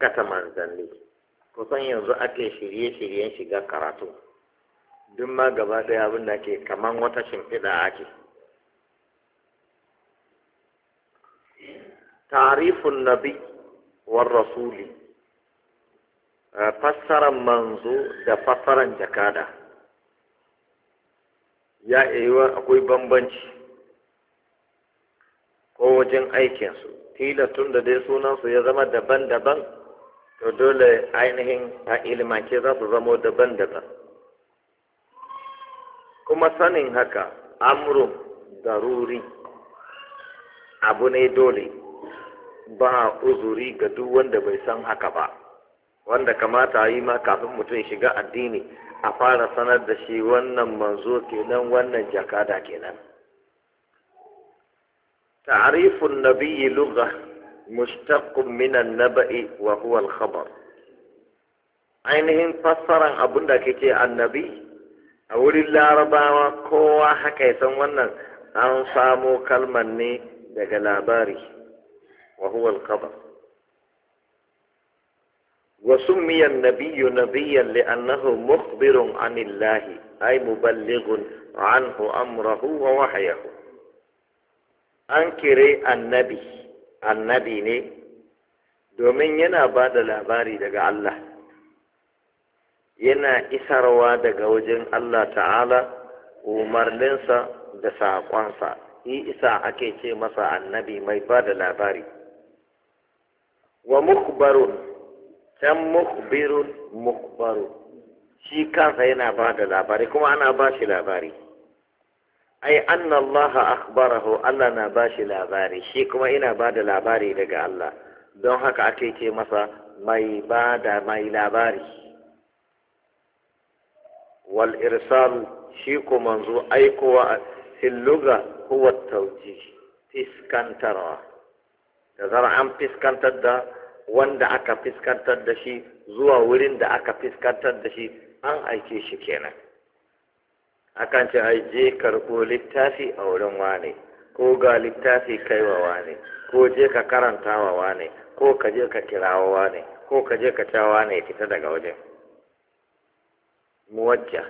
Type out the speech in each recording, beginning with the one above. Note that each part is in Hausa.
kata manzanni kusan yanzu ake shirye-shiryen shiga karatu duk ma gaba daya abin da ke kaman wata shimfiɗa ake tarifun nabi war rasuli eh, fassaran manzo da fassaran jakada ya iya akwai bambanci ko wajen aikinsu tilatun da dai sunansu ya zama daban-daban to dole ainihin a ilimance za su zamo daban-daban kuma sanin haka amuru daruri abu ne dole ba uzuri ga duk wanda bai san haka ba wanda kamata yi ma kafin mutum shiga addini a fara sanar da shi wannan manzo kenan wannan jakada kenan ta'arifun nabiyyi lugha mushtaqqun min an-naba'i wa ainihin fassaran abin da kake annabi a wurin larabawa kowa haka ya san wannan an samo kalmar ne daga labari wa huwa al-khabar wa summiya an-nabiyyu nabiyyan li'annahu mukhbirun 'anillahi ay muballighun 'anhu amrahu wa wahyahu an kire annabi annabi ne domin yana ba da labari daga Allah yana isarwa daga wajen Allah ta'ala umarninsa da saƙonsa isa ake ce masa annabi mai ba da labari wa mukbarun can mukbirun mukbarun shi kansa yana ba da labari kuma ana ba shi labari ai anna Allah akhbarahu Allah na bashi labari shi kuma ina bada labari daga Allah don haka ake ce masa mai bada mai labari wal irsal shi kuma manzo aikowa fil huwa tawjih fiskantarwa da zara an fiskantar da wanda aka fiskantar da shi zuwa wurin da aka fiskantar da shi an aike shi kenan akan ce ai je karɓo littafi a wurin wane ko ga littafi kaiwa wane ko je ka karanta wa wane ko ka je ka kirawa wane ko ka je ka cewa wane ya fita daga wajen muwajja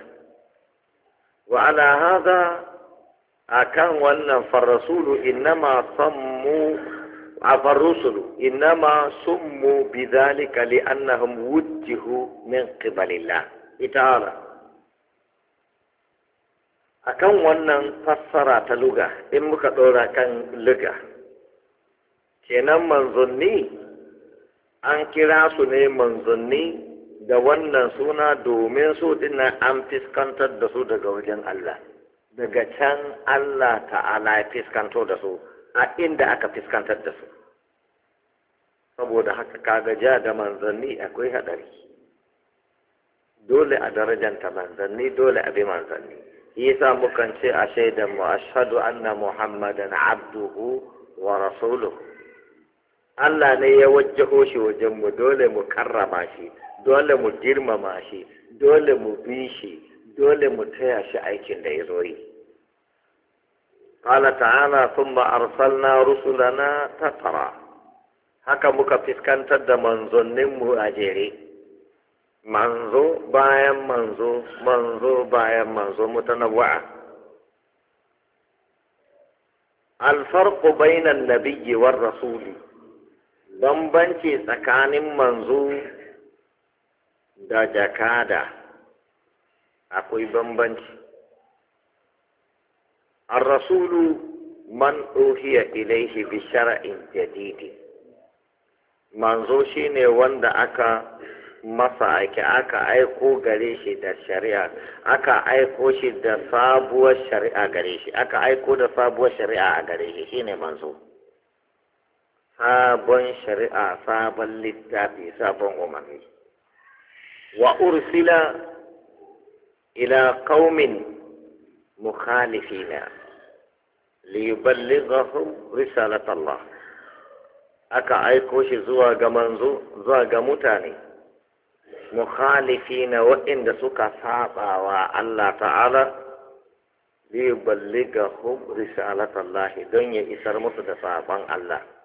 wa ala hada akan wannan farrasulu innama sammu afarrusulu innama summu bidhalika li annahum wujjihu min qibalillah ita'ala akan wannan fassara ta luga in muka ɗora kan luga kenan manzanni an kira su ne manzanni da wannan suna domin su dina an fiskantar da su daga wajen Allah daga can Allah ta'ala ya fiskanto da su a inda aka fiskantar da su saboda haka kaga ja da manzanni akwai haɗari dole a darajanta manzanni dole a bi manzanni yasa mukan ce a shaidan mu ashhadu anna muhammadan abduhu wa rasuluhu Allah ne ya wajjaho shi wajen mu dole mu karrama shi dole mu girmama shi dole mu bi shi dole mu taya shi aikin da ya zo yi قال تعالى ثم أرسلنا رسلنا تترى haka muka fiskantar da manzanninmu a jere manzo bayan manzo manzo bayan manzo mutanawwa'a alfarqu bainan nabiyyi war rasuli bambanci tsakanin manzo da jakada akwai bambanci الرسول man أوحي bi بشرع جديد manzo shine wanda aka masa ake aka aiko gare shi da shari'a aka aiko shi da sabuwar shari'a gare shi aka aiko da sabuwar shari'a a gare shi shine manzo sabon shari'a sabon littafi sabon umarni wa ursila ila qaumin mukhalifina liyuballighahum risalat Allah aka aiko shi zuwa ga manzo zuwa ga mutane na waɗanda suka saɓawa Allah ta'ala zai balliga hum risalatallahi don ya isar musu da saɓan Allah